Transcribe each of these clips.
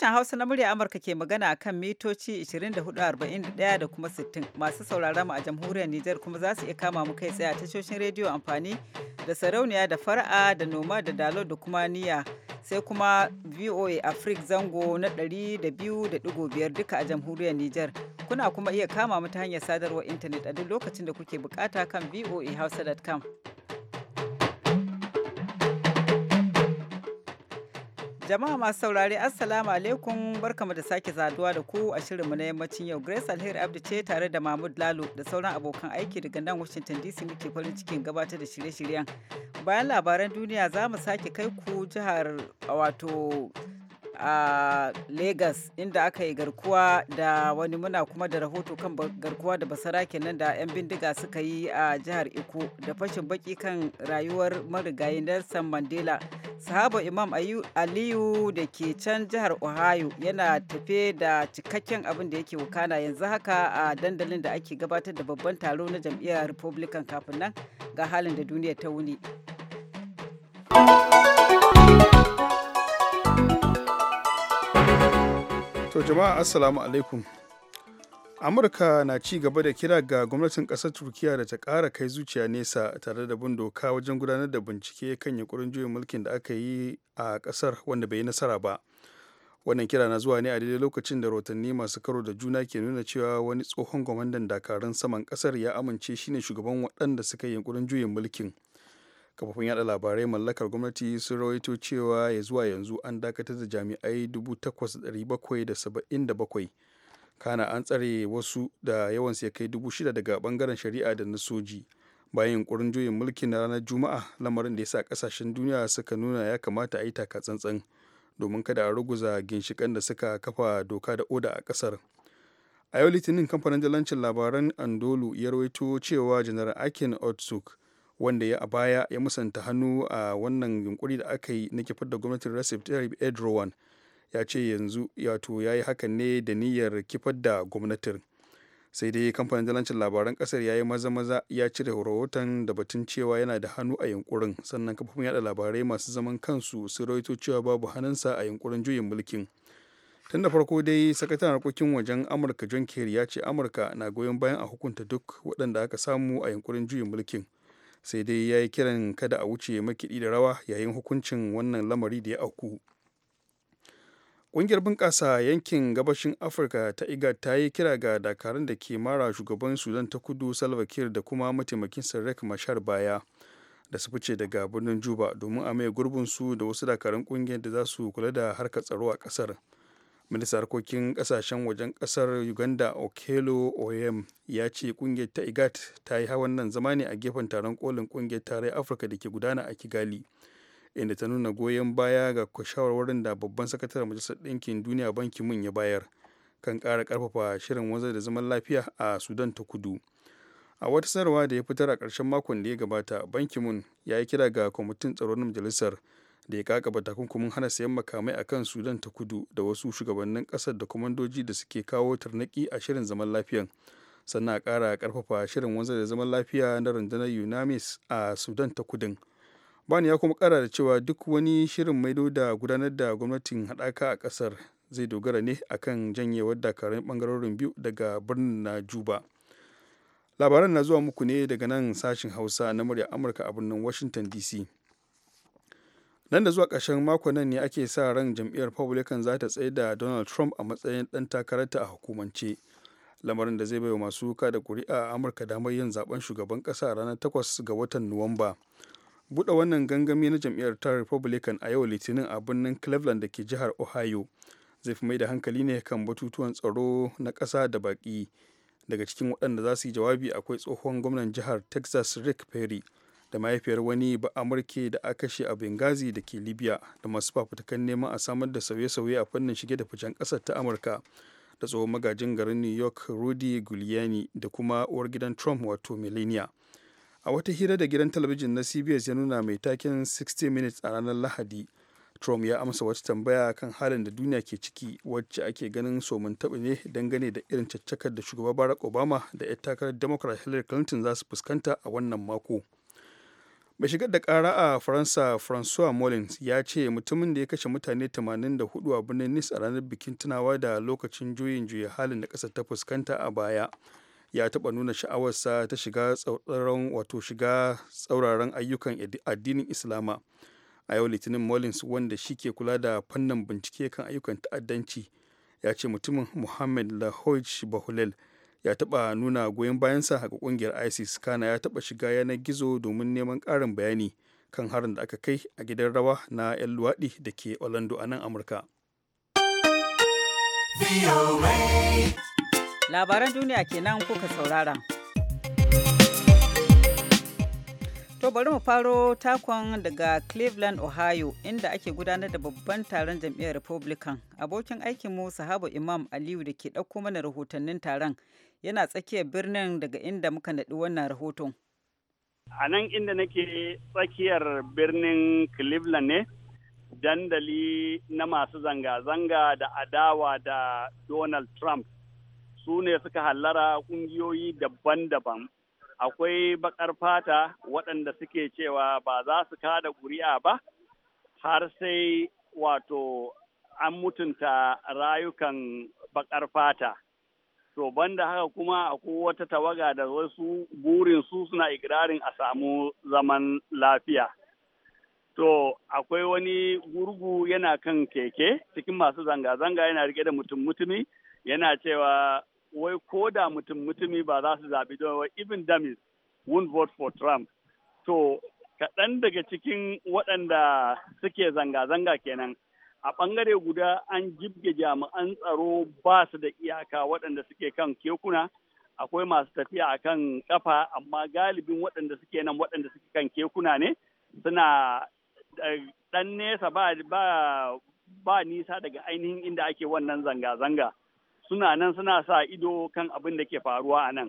Sashen Hausa na murya Amurka ke magana a kan mitoci 24,41 da kuma 60 masu sauraron mu a jamhuriyar Nijar kuma za su iya kama mu kai tsaye a tashoshin rediyo amfani da sarauniya da fara'a da noma da dalo da kuma niya sai kuma VOA Africa zango na 200.5 duka a jamhuriyar Nijar. Kuna kuma iya kama mu ta hanyar sadarwar intanet a duk lokacin da kuke bukata kan voahausa.com. Jama'a masu saurari Assalamu alaikum barkamu da sake zaduwa da ku a shirinmu na yammacin yau Grace Alheri abdu ce tare da Mahmud Lalo da sauran abokan aiki daga nan Washington DC muke farin cikin gabatar da shirye-shiryen. Bayan labaran duniya za mu sake kai ku jihar wato a lagos inda aka yi garkuwa da wani muna kuma da rahoto kan garkuwa da basara kenan da 'yan bindiga suka yi a jihar Iko da fashin baki kan rayuwar marigayi Nelson Mandela. Sahaba Imam Aliyu da ke can jihar Ohio yana tafe da cikakken abin da yake wukana yanzu haka a dandalin da ake gabatar da babban taro na jam'iyyar Republican kafin nan ga halin da duniya ta wuni. To jama'a assalamu alaikum. Amurka na ci gaba da kira ga gwamnatin ƙasar Turkiya da ta kara kai zuciya nesa tare da bin doka wajen gudanar da bincike kan yunkurin juyin mulkin da aka yi a ƙasar wanda bai yi nasara ba. Wannan kira na zuwa ne a daidai lokacin da rotanni masu karo da juna ke nuna cewa wani tsohon gwamandan dakarun saman ƙasar ya amince shine shugaban waɗanda suka yi yunkurin juyin mulkin. kafofin yada labarai mallakar gwamnati sun rawaito cewa ya zuwa yanzu an dakatar da jami'ai 8,777 kana an tsare wasu da yawan ya kai 6,000 daga bangaren shari'a da na bayan kurin juyin mulki na ranar juma'a lamarin da ya sa kasashen duniya suka nuna ya kamata a yi taka tsantsan domin kada a ruguza ginshikan da suka kafa doka da oda a kasar a yau litinin kamfanin jalancin labaran andolu ya rawaito cewa janar akin otsuk wanda ya a baya ya musanta hannu a wannan yunkuri da aka yi na kifar da gwamnatin recep tayyip erdogan ya ce yanzu wato ya yi hakan ne da niyyar kifar da gwamnatin sai dai kamfanin dalancin labaran kasar ya yi maza-maza ya cire rahoton da batun cewa yana da hannu a yunkurin sannan kafofin yada labarai masu zaman kansu sun rawaito cewa babu hannunsa a yunkurin juyin mulkin tun da farko dai sakataren harkokin wajen amurka john kerry ya ce amurka na goyon bayan a hukunta duk waɗanda aka samu a yunkurin juyin mulkin sai dai ya yi kiran kada a wuce makiɗi da rawa yayin hukuncin wannan lamari da ya auku ƙungiyar bunƙasa yankin gabashin afirka ta iga ta yi kira ga dakarun da ke mara shugaban sudan ta kudu salva kiir da kuma mataimakin sarrek mashar baya da su fice daga birnin juba domin a mai gurbinsu da wasu dakarun ƙungiyar da za su kula da harkar tsaro a ƙasar. minista harkokin kasashen wajen kasar uganda okelo oyem ya ce kungiyar ta igat ta yi hawan nan zama ne a gefen taron kolin kungiyar tarayyar afirka da ke gudana a kigali inda ta nuna goyon baya ga shawarwarin da babban sakataren majalisar ɗinkin duniya banki mun ya bayar kan ƙara ƙarfafa shirin wanzar da zaman lafiya a sudan ta kudu a wata sanarwa da ya fitar a ƙarshen makon da ya gabata banki mun ya yi kira ga kwamitin tsaro na majalisar da ya kakaba takunkumin hana sayan makamai a kan sudan ta kudu da wasu shugabannin kasar da kwamandoji da suke kawo tarnaki a shirin zaman lafiyan sannan a kara karfafa shirin wanzar da zaman lafiya na rundunar unamis a sudan ta kudin bani ya kuma kara da cewa duk wani shirin maido da gudanar da gwamnatin haɗaka a ƙasar zai dogara ne akan janyewar dakarun bangarorin biyu daga birnin na juba labaran na zuwa muku ne daga nan sashen hausa na murya amurka a birnin washington dc nan da zuwa ƙarshen mako nan ne ake sa ran jam'iyyar republican za ta tsaye da donald trump a matsayin ɗan takararta a hukumance lamarin da zai bai wa masu da kuri'a a amurka damar yin zaben shugaban ƙasa ranar 8 ga watan nuwamba buɗe wannan gangami na jam'iyyar ta republican a yau litinin a birnin cleveland da ke jihar ohio zai fi mai da hankali ne kan batutuwan tsaro na ƙasa da baƙi daga cikin waɗanda za su yi jawabi akwai tsohon gwamnan jihar texas rick perry da mahaifiyar wani ba amurke da aka kashe a bengazi da ke libya da masu fafutukan neman a samar da sauye-sauye a fannin shige da ficen kasar ta amurka da tsohon magajin garin new york rudy giuliani da kuma uwar gidan trump wato melania a wata hira da gidan talabijin na cbs ya nuna mai taken 60 minutes a ranar lahadi trump ya amsa wata tambaya kan halin da duniya ke ciki wacce ake ganin somin taɓa ne dangane da irin caccakar da shugaba barack obama da 'yar takarar democrat hillary clinton za su fuskanta a wannan mako. mai shigar da kara a faransa francois molins ya ce mutumin da ya kashe mutane 84 a birnin nice a ranar bikin tunawa da lokacin juyin juya halin da ƙasar ta fuskanta a baya ya taɓa nuna sha'awarsa ta shiga tsauraran wato shiga tsauraran ayyukan addinin islama a yau litinin molins wanda shi ke kula da fannin bincike kan ayyukan ta'addanci ya ce mutumin muhammad lahoj bahulel ya taɓa nuna goyon bayansa ga ƙungiyar isis kana ya taɓa shiga yanar gizo domin neman ƙarin bayani kan harin da aka kai a gidan rawa na 'yan luwaɗi da ke orlando a nan amurka labaran duniya kenan kuka saurara To bari mu faro takon daga Cleveland, Ohio, inda ake gudanar da babban taron jam'iyyar Republican. Abokin aikinmu Sahabu Imam Aliyu da ke ɗauko mana rahotannin taron yana tsakiyar birnin daga inda muka naɗi wannan rahoton. A nan inda nake tsakiyar birnin Cleveland ne, dandali na masu zanga-zanga da adawa da Donald Trump su ne suka hallara ƙungiyoyi daban-daban. Akwai bakar fata waɗanda suke cewa ba za su kada ƙuri'a ba, har sai wato an mutunta rayukan bakar fata. to banda haka kuma akwai wata tawaga da wasu burin su suna ikirarin a samu zaman lafiya to akwai wani gurgu yana kan keke cikin masu zanga-zanga yana rike da mutum mutumi yana cewa wai ko da mutum mutumi ba za su zaɓi don wai even dummies won't vote for trump to kaɗan daga cikin waɗanda suke zanga-zanga kenan a ɓangare guda an jibge jami'an tsaro ba su da iyaka waɗanda suke kan kekuna akwai masu tafiya a kan ƙafa amma galibin waɗanda suke nan waɗanda suke kan kekuna ne suna ɗan nesa ba, ba nisa daga ainihin inda ake wannan zanga-zanga suna nan suna sa ido kan abin da ke faruwa a nan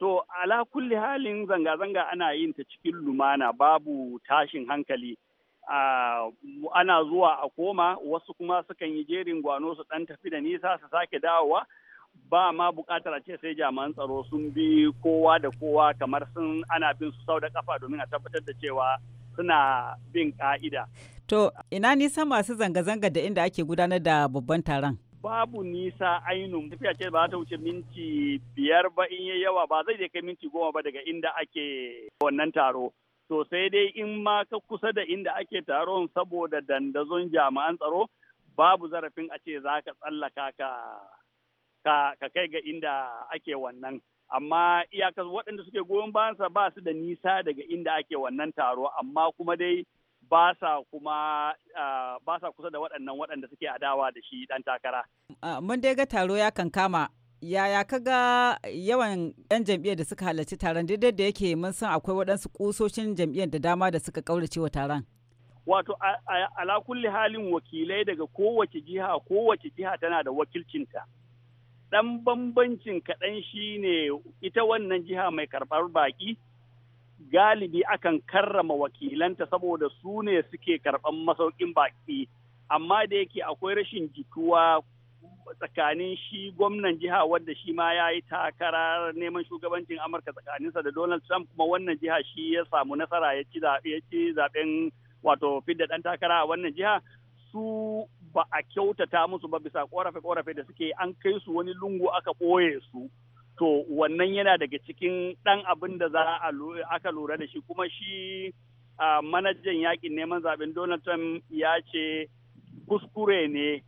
to ala kulli halin zanga-zanga ana yin ta cikin lumana babu tashin hankali ana zuwa a koma wasu kuma sukan yi jerin gwano su ɗan tafi da nisa su sake dawowa ba ma bukatar a ce sai jami'an tsaro sun bi kowa da kowa kamar sun ana bin su sau da kafa domin a tabbatar da cewa suna bin ka'ida. To ina nisan masu zanga-zanga da inda ake gudanar da babban taron? Babu nisa ainun tafiya ce ba ta wuce minti biyar ba in yawa ba zai je kai minti goma ba daga inda ake wannan taro. to sai dai in ma ka kusa da inda ake taron saboda dandazon jami'an tsaro babu zarafin a ce za ka tsallaka ka kai ga inda ake wannan amma iyakar waɗanda suke goyon bayansa ba su da nisa daga inda ake wannan taro amma kuma dai ba sa kuma ba sa kusa da waɗannan waɗanda suke adawa da shi ɗan takara. Mun dai ga taro ya kankama yaya ka ga yawan 'yan jam'iyyar da suka halarci taron daidai da yake mun san akwai waɗansu ƙusoshin jam'iyyar da dama da suka ƙaurace wa taron wato ala kulli halin wakilai daga kowace jiha kowace jiha tana da wakilcinta ɗan bambancin kaɗan shine ita wannan jiha mai karɓar baƙi galibi akan karrama wakilanta saboda su ne suke karɓar masaukin baƙi amma da yake akwai rashin jituwa tsakanin shi gwamnan jiha wadda shi ma ya yi takara neman shugabancin amurka tsakaninsa da donald trump kuma wannan jiha shi ya samu nasara ya ci zaben wato fidda dan takara a wannan jiha su ba a kyautata musu ba bisa korafe-korafe da suke an kai su wani lungu aka ɓoye su to wannan yana daga cikin ɗan abin da za a aka lura da shi kuma shi manajan yakin neman zaben donald trump ya ce kuskure ne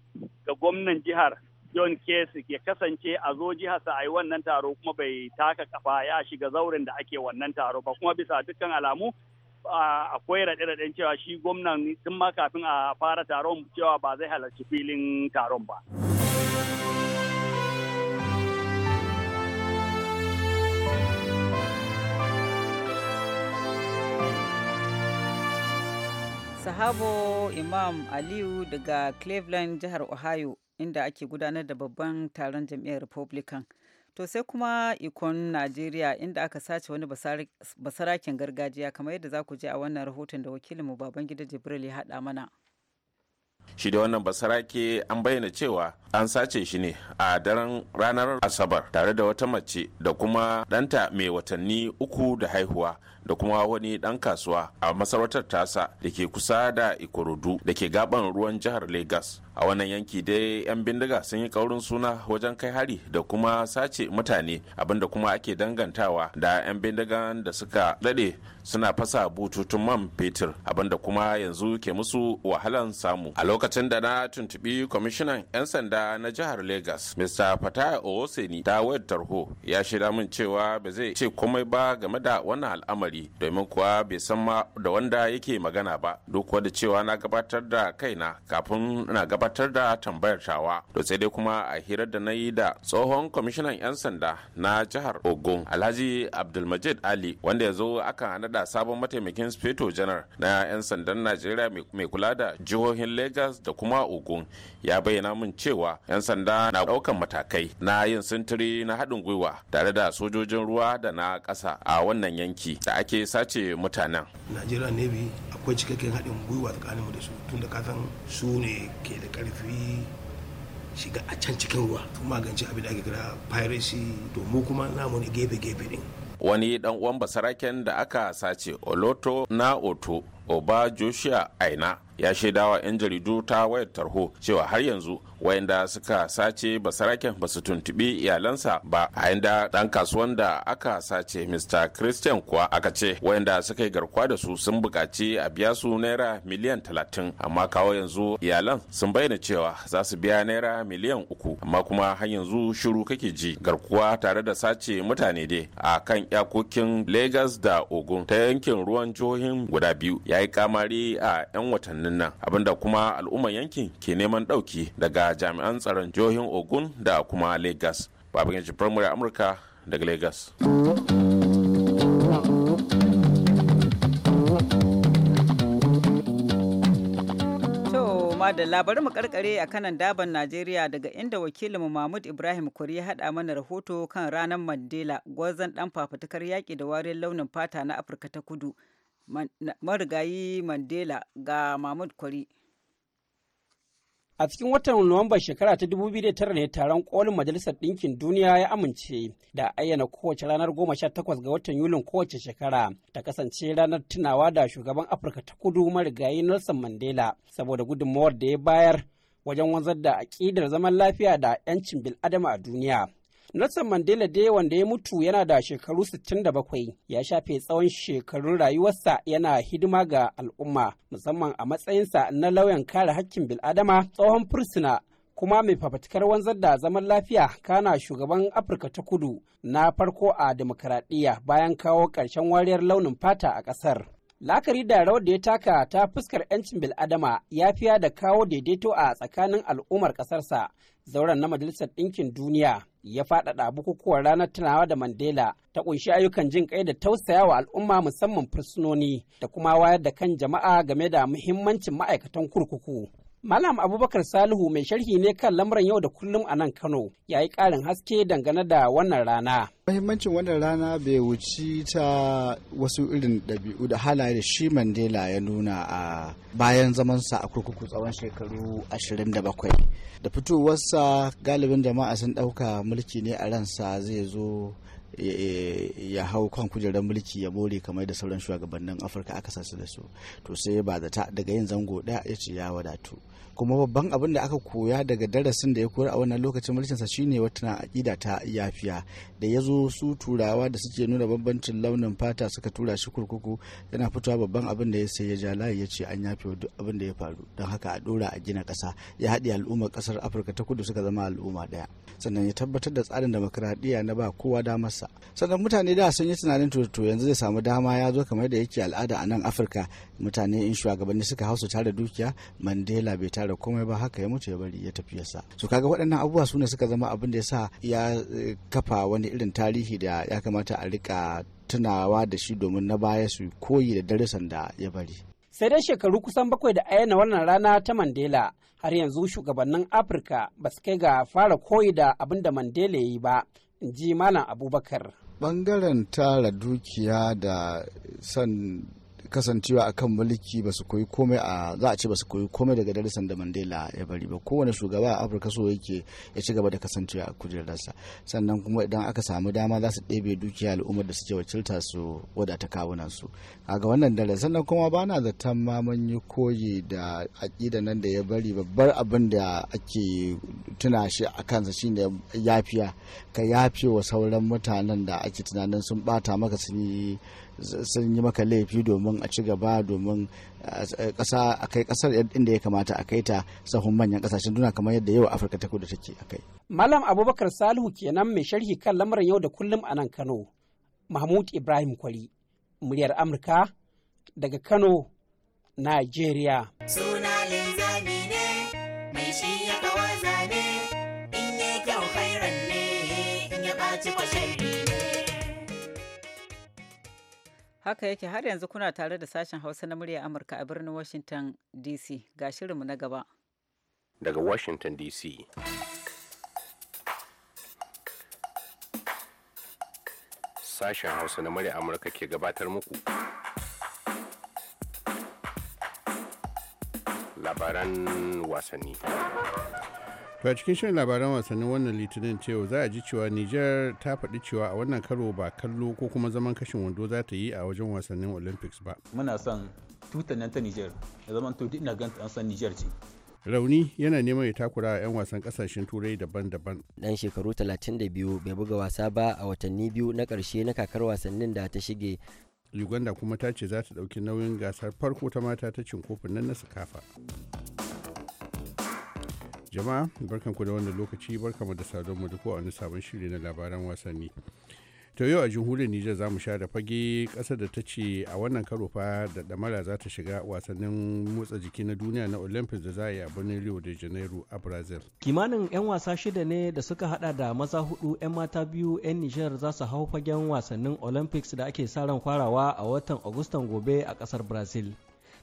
ga gwamnan jihar John kesi ya kasance a zo jiharsa a yi wannan taro kuma bai taka kafa ya shiga zauren da ake wannan taro ba kuma bisa dukkan alamu akwai raɗe-raɗen cewa shi gwamnan tun ma kafin a fara taron cewa ba zai halarci filin taron ba. Sahabo Imam Aliyu daga Cleveland, jihar Ohio, inda ake gudanar da babban taron jam'iyyar republican to sai kuma ikon najeriya inda aka sace wani basarakin gargajiya kamar yadda za ku je a wannan rahoton da wakilinmu gida jibril ya haɗa mana shi da wannan basarake an bayyana cewa an sace shi ne a daren ranar asabar tare da wata mace da kuma ɗanta mai watanni uku da haihuwa da kuma wani ɗan kasuwa a masarautar tasa da ke kusa da ikorodu da ke gaban ruwan jihar Legas a wannan yanki dai 'yan bindiga sun yi kaurin suna wajen kai hari da kuma sace mutane abinda kuma ake dangantawa da 'yan bindigan da suka dade suna fasa bututun man fetur abinda kuma yanzu ke musu wahalan samu a lokacin da na tuntubi kwamishinan 'yan sanda na jihar Legas. mr fataya owoseni ta wayar tarho ya shirya min cewa ba zai ce komai ba game da wannan al'amari domin kuwa bai san ma da wanda yake magana ba duk da cewa na gabatar da kaina kafin na gabatar da tambayar tawa to sai dai kuma a hirar da na yi da tsohon kwamishinan 'yan sanda na jihar ogun alhaji abdulmajid ali wanda ya zo aka nada sabon mataimakin speto janar na 'yan sandan najeriya mai kula da jihohin lagos da kuma ogun ya bayyana min cewa 'yan sanda na daukan matakai na yin sintiri na haɗin gwiwa tare da sojojin ruwa da na ƙasa a wannan yanki da ake sace mutanen najeriya navy akwai cikakken haɗin gwiwa tsakaninmu da su tun tunda kasan su ne ke da ƙarfi shiga a can cikin ruwa su magance abin da ake kira piracy to mu kuma namu ne gefe-gefe ɗin wani ɗan uwan basaraken da aka sace oloto na oto oba joshua aina ya shaidawa 'yan jaridu ta wayar tarho cewa har yanzu wayanda suka sace basaraken ba su tuntubi iyalansa ba a yanda dan kasuwan da aka sace mr christian kuwa aka ce wayanda suka yi garkuwa da su sun buƙaci a biya su naira miliyan talatin amma kawo yanzu iyalan sun bayyana cewa za su biya naira miliyan uku amma kuma har yanzu shiru kake ji garkuwa tare da sace mutane dai a kan iyakokin lagos da ogun ta yankin ruwan jihohin guda biyu ya yi kamari a 'yan watannin birnin nan abinda kuma al'ummar yankin ke neman ɗauki daga jami'an tsaron jihohin ogun da kuma lagos babban yanci firamare amurka daga lagos da labarin mu karkare a kanan daban Najeriya daga inda wakilinmu Mahmud Ibrahim Kuri ya haɗa mana rahoto kan ranar Mandela gwazon ɗan fafutukar yaƙi da wariyar launin fata na Afirka ta Kudu. marigayi mandela ga mahmud kwari a cikin watan nuwamba shekara ta 2009 ne taron kolin majalisar ɗinkin duniya ya amince da ayyana kowace ranar 18 ga watan yulin kowace shekara ta kasance ranar tunawa da shugaban afirka ta kudu marigayi nelson mandela saboda gudunmawar da ya bayar wajen wanzar da aƙidar zaman lafiya da 'yancin bil'adama a duniya Nelson Mandela dai wanda ya mutu yana da shekaru 67 ya shafe tsawon shekarun rayuwarsa yana hidima ga al'umma musamman a matsayinsa na lauyan kare hakkin bil'adama tsohon fursuna kuma mai fafatikar wanzar da zaman lafiya kana shugaban afirka ta kudu na farko a demokaradiyya bayan kawo ƙarshen wariyar launin fata a ƙasar Lakari da rawar da ya taka ta fuskar 'yancin bil'adama ya fiya da kawo daidaito a tsakanin al'ummar ƙasarsa zauren na Majalisar Ɗinkin Duniya ya faɗaɗa bukukuwan ranar tunawa da Mandela ta ƙunshi ayyukan jin ƙai da tausaya wa al'umma musamman fursunoni da kuma wayar da kan jama'a game da muhimmancin ma'aikatan kurkuku. Malam Abubakar Salihu mai sharhi ne kan lamuran yau da kullum a nan Kano ya yi ƙarin haske dangane da wannan rana. Mahimmancin wannan rana bai wuci ta wasu irin ɗabi'u da halaye da shi Mandela ya nuna a bayan zamansa a kurkuku tsawon shekaru 27. Da fitowarsa galibin jama'a sun ɗauka mulki ne a ransa zai zo ya hau kan kujerar mulki ya bore kamar da sauran shugabannin afirka aka sasu da su to sai ba zata daga yin zango ɗaya ya ce ya wadatu kuma babban abin da aka koya daga darasin da ya koyar a wannan lokacin mulkinsa shine wata aƙida ta yafiya da ya zo su turawa da suke nuna bambancin launin fata suka tura shi kurkuku yana fitowa babban abin da ya sai ya ja layi ya ce an yafe duk abin da ya faru don haka a dora a gina ƙasa ya haɗe al'ummar ƙasar afirka ta kudu suka zama al'umma ɗaya sannan ya tabbatar da tsarin demokradiyya na ba kowa damarsa sannan mutane da sun yi tunanin to yanzu zai samu dama ya zo kamar da yake al'ada a nan afirka mutane in shugabanni suka hausa tara dukiya mandela bai tara komai ba haka ya mutu ya bari ya tafi yasa su kaga waɗannan abubuwa su ne suka zama abin da ya sa ya eh, kafa wani irin tarihi da ya kamata a rika tunawa da shi domin na baya su koyi da darasan da ya bari. Sai dai shekaru kusan bakwai da ayyana wannan rana ta Mandela har yanzu shugabannin Afirka ba su kai ga fara koyi da abin da Mandela ya yi ba, in ji Malam Abubakar. Bangaren tara dukiya da son kasancewa akan mulki ba su koyi komai a za a ce ba su koyi komai daga darasin da mandela ya bari ba kowane shugaba a afirka so yake ya ci gaba da kasancewa a kujerarsa sannan kuma idan aka samu dama za su ɗebe dukiya al'ummar da suke wakilta su wadata kawunan su ga wannan dare sannan kuma ba na zaton ma yi koyi da aƙida nan da ya bari babbar abin da ake tuna shi a kansa shine yafiya ka yafe wa sauran mutanen da ake tunanin sun bata maka sun yi sun yi maka laifi domin a ci gaba domin eh, ƙasa a kai ƙasar inda ya kamata a kai ta sahun manyan ƙasashen duna kamar yadda yau afirka ta kudu take a kai. malam abubakar salihu kenan mai sharhi kan lamarin yau da kullum a nan kano mahmud ibrahim kwari muryar amurka daga kano nigeria. So Haka yake har yanzu kuna tare da sashen Hausa na murya Amurka a birnin Washington DC ga shirinmu na gaba. Daga Washington DC. Sashen Hausa na murya Amurka ke gabatar muku. Labaran wasanni. To a cikin shirin labaran wasannin wannan litinin cewa za a ji cewa Nijar ta faɗi cewa a wannan karo ba kallo ko kuma zaman kashin wando za ta yi a wajen wasannin Olympics ba. Muna son tutan nan ta Nijar, da zaman to ina ganta an san Nijar ce. Rauni yana neman ya takura a 'yan wasan kasashen turai daban-daban. Dan shekaru 32 bai buga wasa ba a watanni biyu na karshe na kakar wasannin da ta shige uganda kuma ta ce za ta ɗauki nauyin gasar farko ta mata ta cin kofin nan na sakafa. jama'a barkanku da wannan lokaci barkanmu da sadon mu duk wani sabon shiri na labaran wasanni to yau a jamhuriyar nijar za mu sha da fage kasar da ta ce a wannan karo fa da damara za ta shiga wasannin motsa jiki na duniya na olympics da za a yi a birnin rio de janeiro a brazil kimanin 'yan wasa shida ne da suka hada da maza hudu 'yan mata biyu 'yan nijar za su hau fagen wasannin olympics da ake sa ran kwarawa a watan agustan gobe a kasar brazil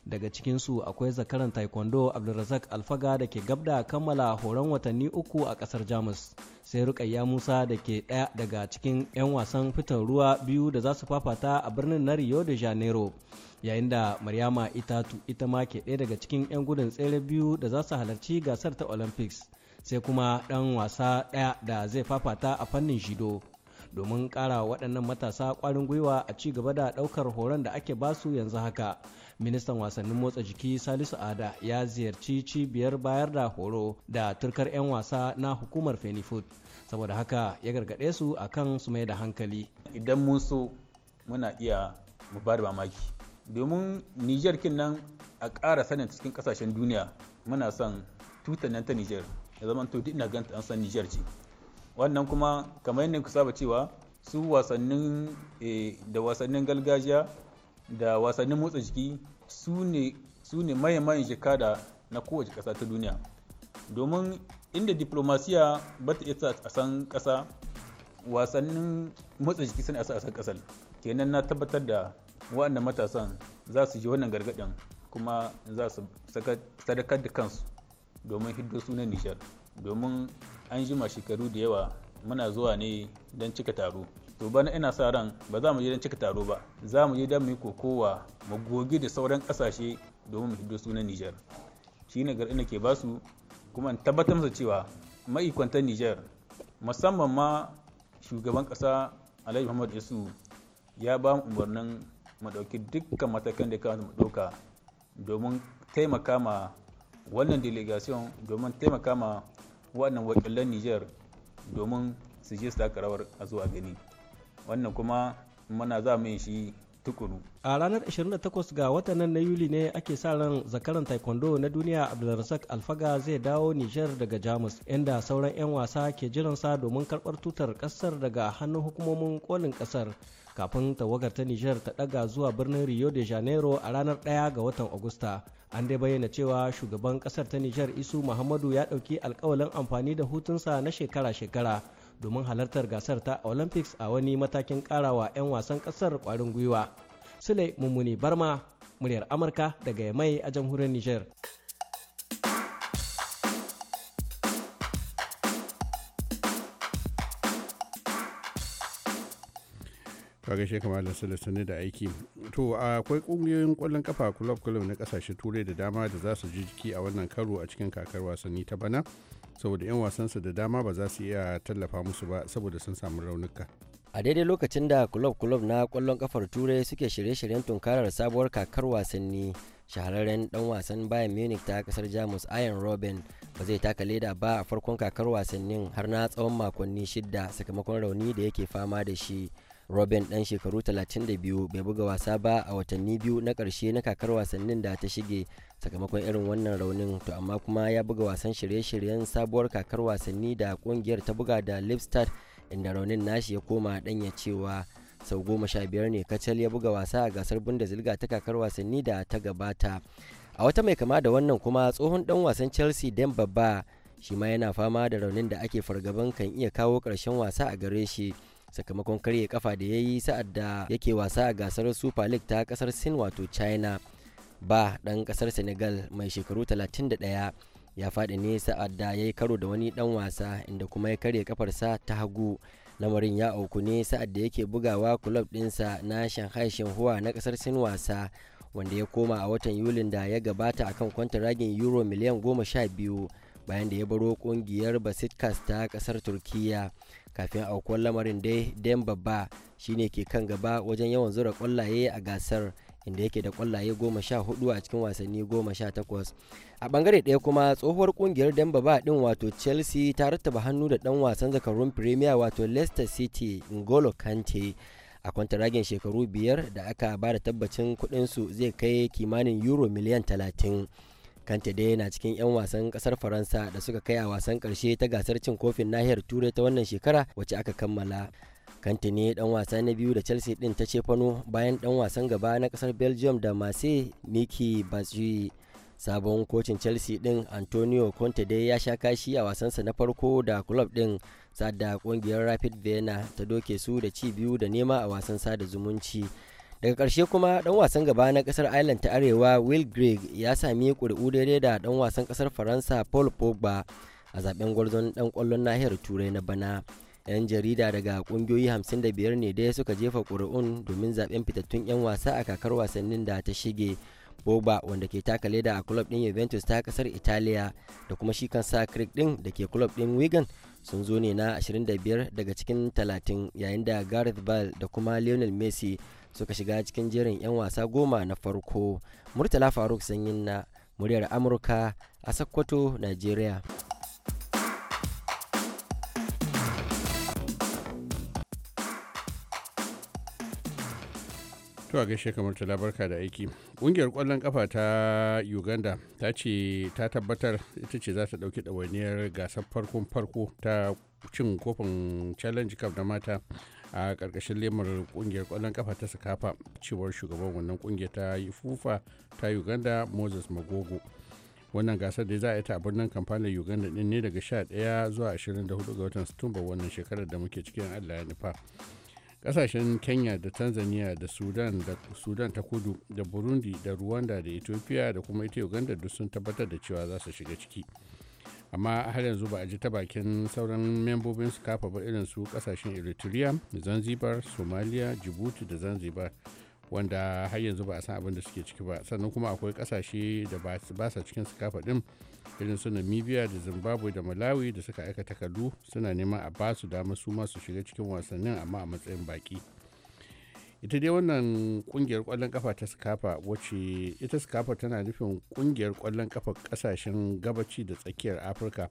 daga cikinsu akwai zakaran taekwondo abdulrazak alfaga da ke gabda kammala horon watanni uku a kasar jamus sai rukayya musa da ke daya daga cikin 'yan wasan fitan ruwa biyu da za su fafata a birnin na rio de janeiro yayin da maryama itatu ita ma ke daya daga cikin 'yan gudun tsere biyu da za su halarci gasar ta olympics sai kuma dan wasa daya da zai fafata a fannin shido domin kara waɗannan matasa kwarin gwiwa a ci gaba da ɗaukar horon da ake basu yanzu haka ministan wasannin motsa jiki salisu ada ya ziyarci cibiyar bayar da horo da turkar 'yan wasa na hukumar fenifood saboda haka ya gargaɗe su akan su mai da hankali idan mun so muna iya mu ba da mamaki domin niger kin nan a ƙara sanin cikin ƙasashen duniya muna son tutar nan ta niger ya zama to duk ina ganta an san niger ce wannan kuma kamar yadda ku saba cewa su wasannin eh, da wasannin gargajiya da wasannin motsa jiki su ne mahimman shekada na kowace ƙasa ta duniya domin inda diplomasiya ba ta isa a san ƙasa wasannin motsa jiki suna isa a san ƙasar kenan na tabbatar da waɗanda matasan za su ji wannan gargaɗin kuma za su sadakar da kansu domin hiddo sunan nishar domin an jima shekaru da yawa muna zuwa ne don cika taro to bana ina sa ran ba za mu je don cika taro ba za mu je don mu yi kokowa mu goge da sauran kasashe domin mu hiddo sunan Nijar shi ne garin da ke su kuma tabbatar masa cewa ma'ikwantar Nijar musamman ma shugaban kasa Alhaji Muhammad Isu ya ba mu umarnin mu ɗauki dukkan matakan da ya kamata mu ɗauka domin taimaka ma wannan delegation domin taimaka ma wannan wakilan Nijar domin su je su taka rawar a zuwa gani. wannan kuma mana za mu yi shi tukuru. A ranar 28 ga watan na Yuli ne ake sa ran zakaran taekwondo na duniya Abdulrasak Alfaga zai dawo Nijar daga Jamus inda sauran 'yan wasa ke jiransa domin karɓar tutar ƙasar daga hannun hukumomin kolin ƙasar kafin tawagar ta Nijar ta ɗaga zuwa birnin Rio de Janeiro a ranar 1 ga watan Agusta. An dai bayyana cewa shugaban ƙasar ta Nijar Isu Muhammadu ya ɗauki alkawalin amfani da hutunsa na shekara-shekara. domin halartar gasar ta olympics a wani matakin karawa 'yan wasan kasar kwarin gwiwa sule mummuni barma muryar amurka daga yamai a jamhuriyar niger kaga gaishe kamar da sani da aiki to akwai kungiyoyin kwallon kafa club club na kasashe turai da dama da za su ji jiki a wannan karo a cikin kakar wasanni ta bana saboda 'yan wasansa da dama ba za su iya tallafa musu ba saboda sun samu raunuka a daidai lokacin da kulob-kulob na kwallon kafar turai suke shirye-shiryen tunkarar sabuwar kakar wasanni shahararren dan wasan bayan munich ta kasar jamus iron robin ba zai taka leda ba a farkon kakar wasannin har na tsawon makonni shida sakamakon rauni da yake fama da shi robin dan shekaru 32 bai buga wasa ba a watanni biyu na karshe na kakar wasannin da ta shige sakamakon irin wannan raunin to amma kuma ya buga wasan shirye-shiryen sabuwar kakar wasanni da kungiyar ta buga da lipstad inda raunin nashi ya koma danya cewa sau goma sha biyar ne kacal ya buga wasa a gasar bundesliga ta kakar wasanni da ta gabata a wata mai kama da wannan kuma tsohon dan wasan chelsea dan babba shi ma yana fama da raunin da ake fargaban kan iya kawo ƙarshen wasa a gare shi sakamakon karye kafa da ya yi sa'ad da yake wasa a gasar super league ta kasar sin wato china ba dan kasar senegal mai shekaru 31 ya faɗi ne sa'ad da ya yi karo da wani dan wasa inda kuma ya karye kafarsa ta hagu lamarin ya auku ne sa'ad da yake bugawa kulob dinsa na shanghai shenhua na kasar sin wasa wanda ya koma a watan yulin da ya gabata akan kwantaragin euro miliyan goma sha biyu bayan da ya baro kungiyar basitkas ta kasar turkiya kafin aukuwar lamarin dai dan babba shine ke kan gaba wajen yawan zura kwallaye a gasar inda yake da kwallaye goma sha hudu a cikin wasanni goma sha takwas a bangare ɗaya kuma tsohuwar kungiyar demba babba din wato chelsea ta rattaba hannu da dan wasan zakarun premier wato leicester city ngolo kante a kwantaragin shekaru biyar da aka ba da tabbacin kudinsu zai kai kimanin euro miliyan talatin kanta dai yana cikin 'yan wasan kasar faransa da suka kai a wasan karshe ta gasar cin kofin nahiyar turai ta wannan shekara wacce aka kammala kante ne dan wasa na biyu da chelsea din ta ce fano bayan dan wasan gaba na kasar belgium da masu miki bazui sabon kocin chelsea din antonio conte dai ya sha kashi a wasansa na farko da club din sada kungiyar rapid vienna ta doke su da ci biyu da nema a wasan sada zumunci daga ƙarshe kuma ɗan wasan gaba na ƙasar ireland ta arewa will greg ya sami ƙuri'u daidai da ɗan wasan ƙasar faransa paul pogba a zaben gwarzon ɗan ƙwallon nahiyar turai na bana 'yan jarida daga kungiyoyi 55 ne dai suka jefa ƙuri'un domin zaben fitattun 'yan wasa a kakar wasannin da ta shige pogba wanda ke taka leda a club din Juventus ta kasar Italiya da kuma shi kansa Craig din da ke club ɗin Wigan sun zo ne na 25 daga cikin 30 yayin da Gareth Bale da kuma Lionel Messi suka shiga cikin jerin 'yan wasa goma na farko murtala faruk sanyin na muryar amurka a sokoto nigeria to a gaishe kamar ta labarka da aiki ƙungiyar kwallon kafa ta uganda ta ce ta tabbatar ita ce za ta dauki dawainiyar gasar farkon farko ta cin kofin challenge cup da mata a ƙarƙashin lemar ƙungiyar kwallon kafa ta sakafa cewar shugaban wannan kungiyar ta yi fufa ta uganda moses magogo wannan gasar da za a yi ta a birnin kamfanin uganda din ne daga 11 zuwa 24 ga watan satumba wannan shekarar da muke cikin allah ya nufa kasashen kenya da tanzania da sudan da sudan ta kudu da burundi da rwanda da ethiopia da kuma ita uganda duk sun tabbatar da cewa za su shiga ciki amma har yanzu ba a ji ta bakin sauran membobin su kafa ba irin su kasashen eritrea zanzibar somalia djibouti da zanzibar wanda har yanzu ba a san abin da suke ciki ba sannan kuma akwai kasashe da ba sa cikin su kafa din irin su namibia da zimbabwe da malawi da suka aika takardu suna neman a ba su dama su ma su shiga cikin wasannin amma a matsayin baki ita dai wannan kungiyar kwallon kafa ta skafa wacce ita skafa tana nufin kungiyar kwallon kafa kasashen gabaci da tsakiyar afirka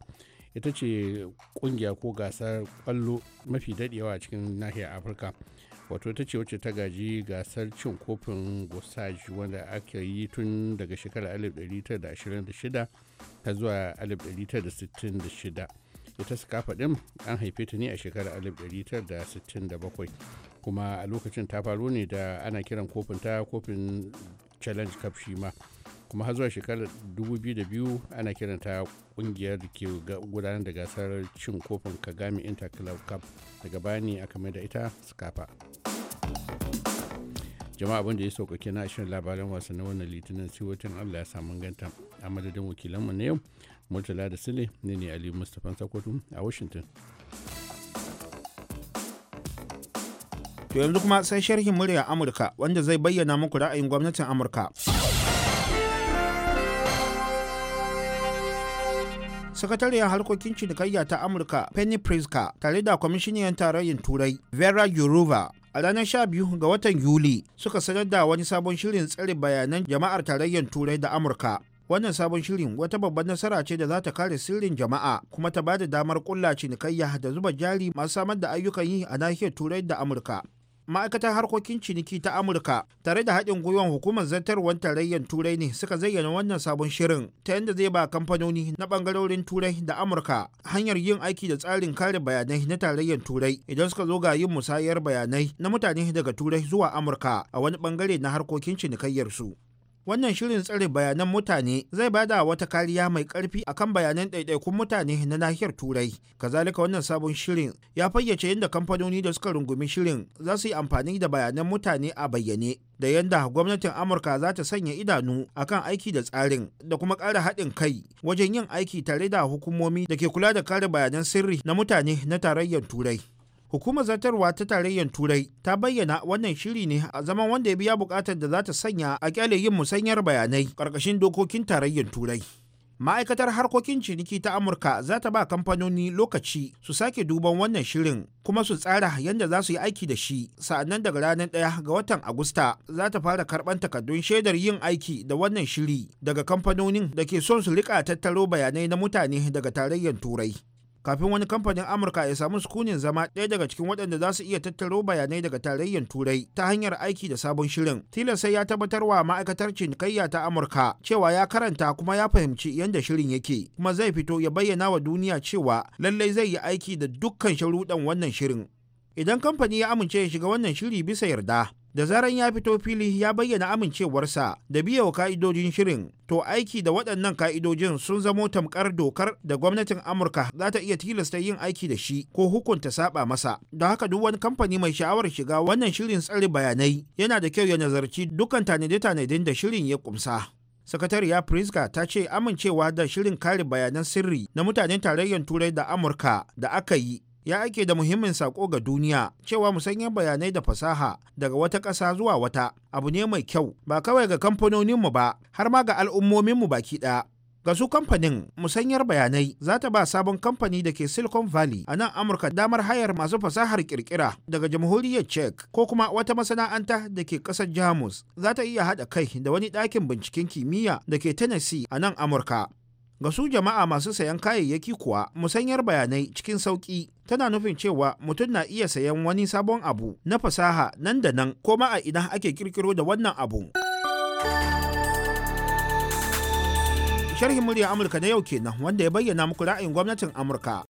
ita ce kungiya ko gasar kwallo mafi dadewa a cikin nahiyar afirka wato ita ce wacce ta gaji gasar cin kofin gosaj wanda aka yi tun daga shekarar 1926 ta zuwa 1966 ita skafa din an haife ta ne a shekarar 1967 kuma a lokacin ta faru ne da ana kiran kofin ta kofin challenge cup shi ma kuma har zuwa shekarar 2002 ana kiran ta kungiyar da ke gudanar da gasar cin kofin kagami inter club cup daga bani aka mai da ita skafa jama'a abin da ya sauƙaƙe na shirin labaran na wannan litinin sai watan allah ya samu ganta a madadin wakilanmu na yau murtala da sule ne ne aliyu mustapha sakwato a washington To yanzu kuma sai sharhin murya Amurka wanda zai bayyana muku ra'ayin gwamnatin Amurka. sakatariyar harkokin cinikayya ta amurka penny priska tare da kwamishiniyar tarayyar turai vera Yoruba a ranar 12 ga watan yuli suka sanar da wani sabon shirin tsare bayanan jama'ar tarayyar turai da amurka wannan sabon shirin wata babbar nasara ce da za ta kare sirrin jama'a kuma ta ba da damar kulla cinikayya da zuba jari masu samar da ayyukan yi a nahiyar turai da amurka Ma'aikatan harkokin ciniki ta amurka tare da haɗin gwiwan hukumar zartarwar tarayyar turai ne suka zayyana wannan sabon shirin ta yadda zai ba kamfanoni na ɓangarorin turai da amurka hanyar yin aiki da tsarin kare bayanai na tarayyar turai idan suka zo ga yin musayar bayanai na mutane daga turai zuwa amurka a wani ɓangare na harkokin cinikayyar su wannan shirin tsare bayanan mutane zai bada wata kariya mai karfi akan bayanan ɗaiɗaikun mutane na nahiyar turai kazalika wannan sabon shirin ya fayyace yadda kamfanoni da suka rungumi shirin za su yi amfani da bayanan mutane a bayyane da yadda gwamnatin amurka za ta sanya idanu akan aiki da tsarin da kuma ƙara haɗin kai wajen yin aiki tare da hukumomi da ke kula da kare bayanan sirri na mutane na tarayyar turai hukumar zartarwa ta tarayyar turai ta bayyana wannan shiri ne a zaman wanda ya biya bukatar da za ta sanya a kyale yin musanyar bayanai ƙarƙashin dokokin tarayyar turai ma'aikatar harkokin ciniki ta amurka za ta ba kamfanoni lokaci su sake duban wannan shirin kuma su tsara yadda za su yi aiki da shi sa'annan daga ranar ɗaya ga watan agusta za ta fara karɓar takardun shaidar yin aiki da wannan shiri daga kamfanonin da ke son su riƙa tattaro bayanai na mutane daga tarayyar turai kafin wani kamfanin amurka ya samu sukunin zama ɗaya daga cikin waɗanda za su iya tattaro bayanai daga tarayyar turai ta hanyar aiki da sabon shirin tilas sai ya tabbatar wa ma'aikatar cinikayya ta amurka cewa ya karanta kuma ya fahimci yadda shirin yake kuma zai fito ya bayyana wa duniya cewa lallai zai yi aiki da dukkan sharuɗan wannan shirin idan kamfani ya amince ya shiga wannan shiri bisa yarda da zaran ya fito fili ya bayyana amincewarsa da biya wa ka'idojin shirin to aiki da waɗannan ka'idojin sun zamo tamkar dokar da gwamnatin amurka za ta iya tilasta yin aiki da shi ko hukunta saba masa Da haka duk wani kamfani mai sha'awar shiga wannan shirin tsare bayanai yana da kyau ya nazarci dukkan tanade tanadin da shirin ya kumsa. sakatariya priska ta ce amincewa da shirin kare bayanan sirri na mutanen tarayyar turai da amurka da aka yi ya ake da muhimmin sako ga duniya cewa musanyar bayanai da fasaha daga wata ƙasa zuwa wata abu ne mai kyau ba kawai ga kamfanoninmu ba har ma ga al'ummominmu baki ɗaya. ga su kamfanin musanyar bayanai za ta ba sabon kamfani da ke silicon valley a nan amurka damar hayar masu fasahar kirkira daga jamhuriyar czech ko kuma wata masana'anta da ke kasar jamus za ta iya hada kai da wani dakin binciken kimiyya da ke tennessee a nan amurka Ga su jama'a masu sayan kayayyaki kuwa musanyar bayanai cikin sauƙi tana nufin cewa mutum na iya sayan wani sabon abu na fasaha nan da nan ko ma a ina ake kirkiro da wannan abu. Sharhin murya Amurka na yau kenan wanda ya bayyana muku ra'ayin gwamnatin Amurka.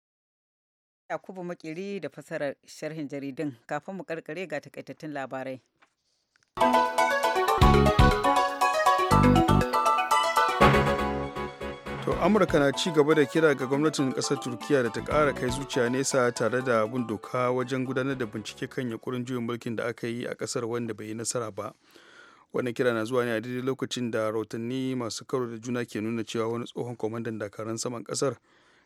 Yakubu Makiri da fasarar sharhin jaridun kafin mu karkare ga takaitattun labarai. to amurka na ci gaba da kira ga gwamnatin kasar turkiyya da ta kara kai zuciya nesa tare da bin doka wajen gudanar da bincike kan yankurin juyin mulkin da aka yi a kasar wanda bai yi nasara ba wannan kira na zuwa ne a daidai lokacin da rahotanni masu karo da juna ke nuna cewa wani tsohon kwamandan dakaran saman kasar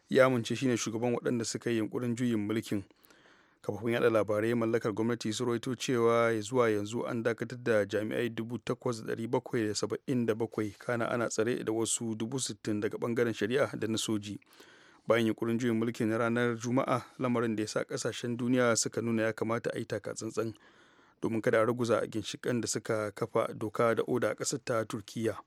ya amince shine shugaban waɗanda suka yi yankurin juyin mulkin kafofin yada labarai mallakar gwamnati su roito cewa zuwa yanzu an dakatar da jami'ai 8,777 kana ana tsare da wasu 60,000 daga bangaren shari'a da na soji bayan yunkurin juyin mulkin na ranar juma'a lamarin da ya sa kasashen duniya suka nuna ya kamata a yi taka tsantsan domin kada a raguza a ginshikan da suka kafa doka da oda a ƙasar ta turkiyya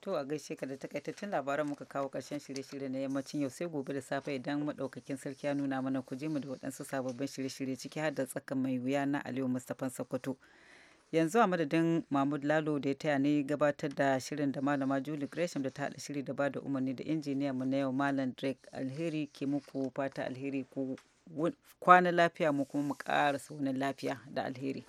To a gaishe ka da takaitattun labaran muka kawo karshen shirye-shirye na yammacin yau sai gobe da safe idan madaukakin sarki ya nuna mana ku je mu da waɗansu sababbin shirye-shirye ciki har da tsakan mai wuya na Aliyu Mustapha Sokoto. Yanzu a madadin Mahmud Lalo da ya taya ni gabatar da shirin da Malama juli Gresham da ta haɗa shiri da bada umarni da injiniya mu na yau Malam Drake Alheri ke muku fata alheri ku kwana lafiya mu kuma mu ƙara saunin lafiya da alheri.